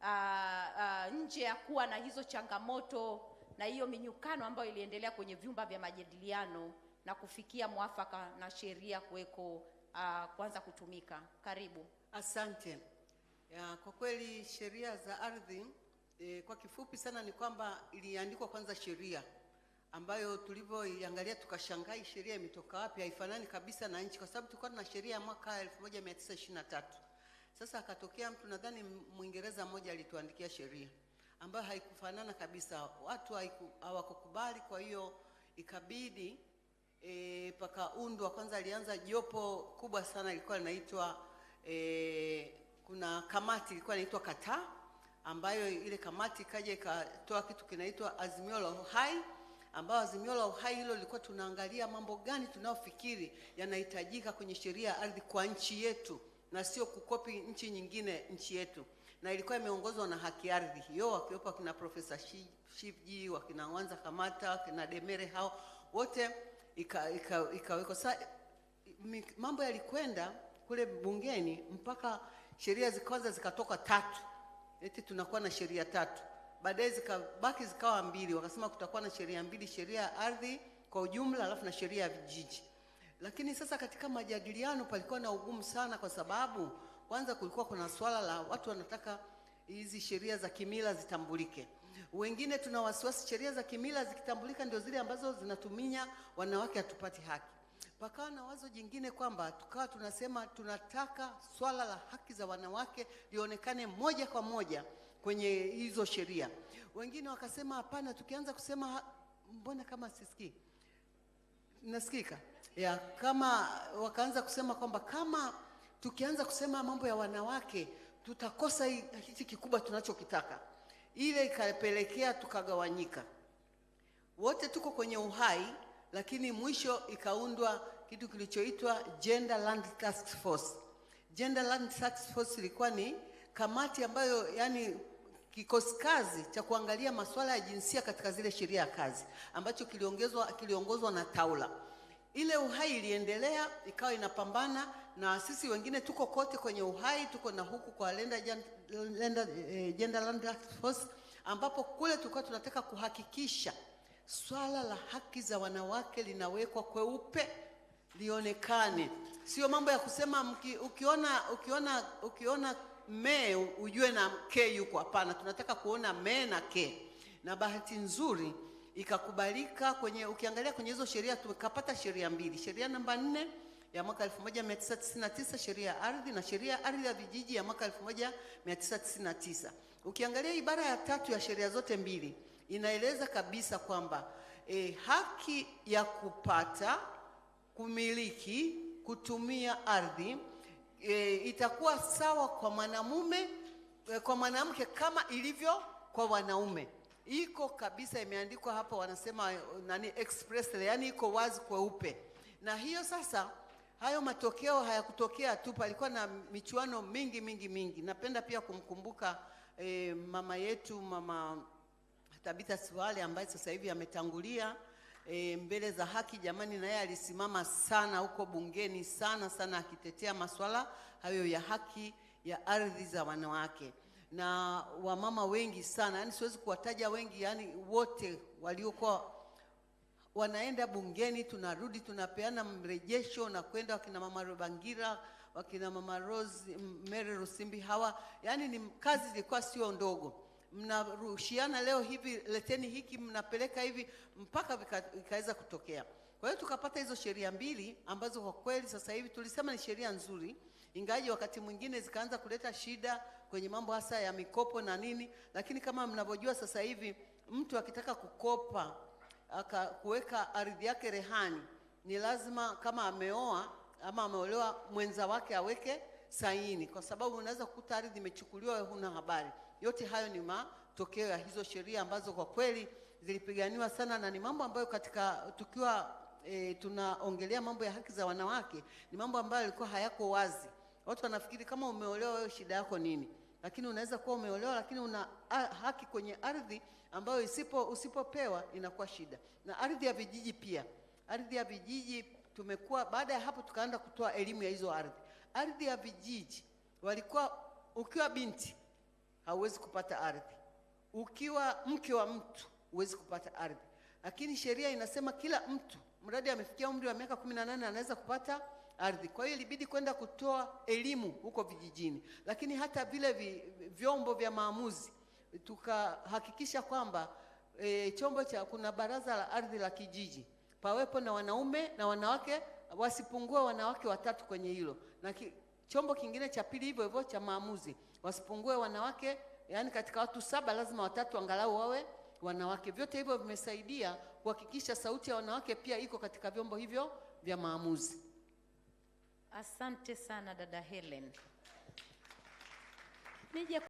uh, uh, nje ya kuwa na hizo changamoto na hiyo minyukano ambayo iliendelea kwenye vyumba vya majadiliano na kufikia mwafaka na sheria kuweko uh, kuanza kutumika. Karibu. Asante. Ya, kwa kweli sheria za ardhi e, kwa kifupi sana ni kwamba iliandikwa kwanza sheria ambayo tulivyoiangalia tukashangaa, sheria imetoka wapi, haifanani kabisa na nchi, kwa sababu tulikuwa na sheria ya mwaka 1923 sasa akatokea mtu nadhani Mwingereza mmoja alituandikia sheria ambayo haikufanana kabisa, watu hawakukubali. Kwa hiyo ikabidi e, pakaundwa kwanza, alianza jopo kubwa sana, ilikuwa linaitwa e, kuna kamati ilikuwa inaitwa Kataa, ambayo ile kamati ikaja ikatoa kitu kinaitwa azimio la uhai, ambayo azimio la uhai hilo lilikuwa tunaangalia mambo gani tunayofikiri yanahitajika kwenye sheria ya ardhi kwa nchi yetu na sio kukopi nchi nyingine, nchi yetu, na ilikuwa imeongozwa na haki ardhi hiyo, wakiwepo wakina Profesa Shivji, wakina wanza Kamata, wakina Demere, hao wote ikawekwa ika, ika. mambo yalikwenda kule bungeni mpaka sheria kwanza zikatoka tatu, eti tunakuwa na sheria tatu, baadaye zikabaki zikawa mbili, wakasema kutakuwa na sheria mbili, sheria ya ardhi kwa ujumla, alafu na sheria ya vijiji. Lakini sasa katika majadiliano palikuwa na ugumu sana, kwa sababu kwanza kulikuwa kuna swala la watu wanataka hizi sheria za kimila zitambulike. Wengine tuna wasiwasi sheria za kimila zikitambulika ndio zile ambazo zinatumia wanawake hatupati haki. Pakawa na wazo jingine kwamba tukawa tunasema tunataka swala la haki za wanawake lionekane moja kwa moja kwenye hizo sheria. Wengine wakasema hapana, tukianza kusema mbona kama sisikii Nasikika? ya kama wakaanza kusema kwamba kama tukianza kusema mambo ya wanawake tutakosa hichi kikubwa tunachokitaka. Ile ikapelekea tukagawanyika, wote tuko kwenye uhai, lakini mwisho ikaundwa kitu kilichoitwa Gender Land Task Force. Gender Land Task Force ilikuwa ni kamati ambayo yani kikosi kazi cha kuangalia masuala ya jinsia katika zile sheria ya kazi ambacho kiliongezwa kiliongozwa na Taula. Ile Uhai iliendelea ikawa inapambana na sisi wengine, tuko kote kwenye Uhai, tuko na huku kwa Lenda, Lenda, Gender eh, Land Force, ambapo kule tulikuwa tunataka kuhakikisha swala la haki za wanawake linawekwa kweupe lionekane, sio mambo ya kusema mki, ukiona ukiona ukiona me ujue na ke yuko hapana. Tunataka kuona me na ke, na bahati nzuri ikakubalika kwenye, ukiangalia kwenye hizo sheria tukapata sheria mbili, sheria namba nne ya mwaka 1999 sheria ya ardhi na sheria ya ardhi ya vijiji ya mwaka 1999. Ukiangalia ibara ya tatu ya sheria zote mbili inaeleza kabisa kwamba e, haki ya kupata, kumiliki, kutumia ardhi e, itakuwa sawa kwa mwanamume e, kwa mwanamke kama ilivyo kwa wanaume. Iko kabisa imeandikwa hapa, wanasema e, nani, expressly, yani iko wazi kweupe. Na hiyo sasa, hayo matokeo hayakutokea tu, palikuwa na michuano mingi mingi mingi. Napenda pia kumkumbuka e, mama yetu mama Tabitha Siwale ambaye sasa hivi ametangulia e, mbele za haki. Jamani, na yeye alisimama sana huko bungeni sana sana, akitetea masuala hayo ya haki ya ardhi za wanawake na wamama wengi sana, yani siwezi kuwataja wengi, yani wote waliokuwa wanaenda bungeni, tunarudi tunapeana mrejesho na kwenda wakina mama Rubangira, wakina mama Rose Mary Rusimbi, hawa yani ni kazi ilikuwa sio ndogo mnarushiana leo hivi, leteni hiki, mnapeleka hivi, mpaka vikaweza kutokea. Kwa hiyo tukapata hizo sheria mbili ambazo kwa kweli sasa hivi tulisema ni sheria nzuri, ingawaje wakati mwingine zikaanza kuleta shida kwenye mambo hasa ya mikopo na nini, lakini kama mnavyojua sasa hivi mtu akitaka kukopa akakuweka ardhi yake rehani, ni lazima kama ameoa ama ameolewa mwenza wake aweke saini, kwa sababu unaweza kukuta ardhi imechukuliwa, huna habari. Yote hayo ni matokeo ya hizo sheria ambazo kwa kweli zilipiganiwa sana, na ni mambo ambayo katika tukiwa e, tunaongelea mambo ya haki za wanawake, ni mambo ambayo yalikuwa hayako wazi. Watu wanafikiri kama umeolewa wewe shida yako nini, lakini unaweza kuwa umeolewa lakini una haki kwenye ardhi ambayo isipo usipopewa inakuwa shida, na ardhi ya vijiji pia. Ardhi ya vijiji tumekuwa, baada ya hapo tukaanza kutoa elimu ya hizo ardhi ardhi ya vijiji walikuwa, ukiwa binti hauwezi kupata ardhi, ukiwa mke wa mtu huwezi kupata ardhi, lakini sheria inasema kila mtu mradi amefikia umri wa miaka 18 anaweza kupata ardhi. Kwa hiyo ilibidi kwenda kutoa elimu huko vijijini, lakini hata vile vi, vyombo vya maamuzi tukahakikisha kwamba e, chombo cha kuna baraza la ardhi la kijiji pawepo na wanaume na wanawake, wasipungue wanawake watatu kwenye hilo na ki, chombo kingine cha pili hivyo hivyo cha maamuzi, wasipungue wanawake, yani katika watu saba lazima watatu angalau wawe wanawake. Vyote hivyo vimesaidia kuhakikisha sauti ya wanawake pia iko katika vyombo hivyo vya maamuzi. Asante sana dada Helen. Nije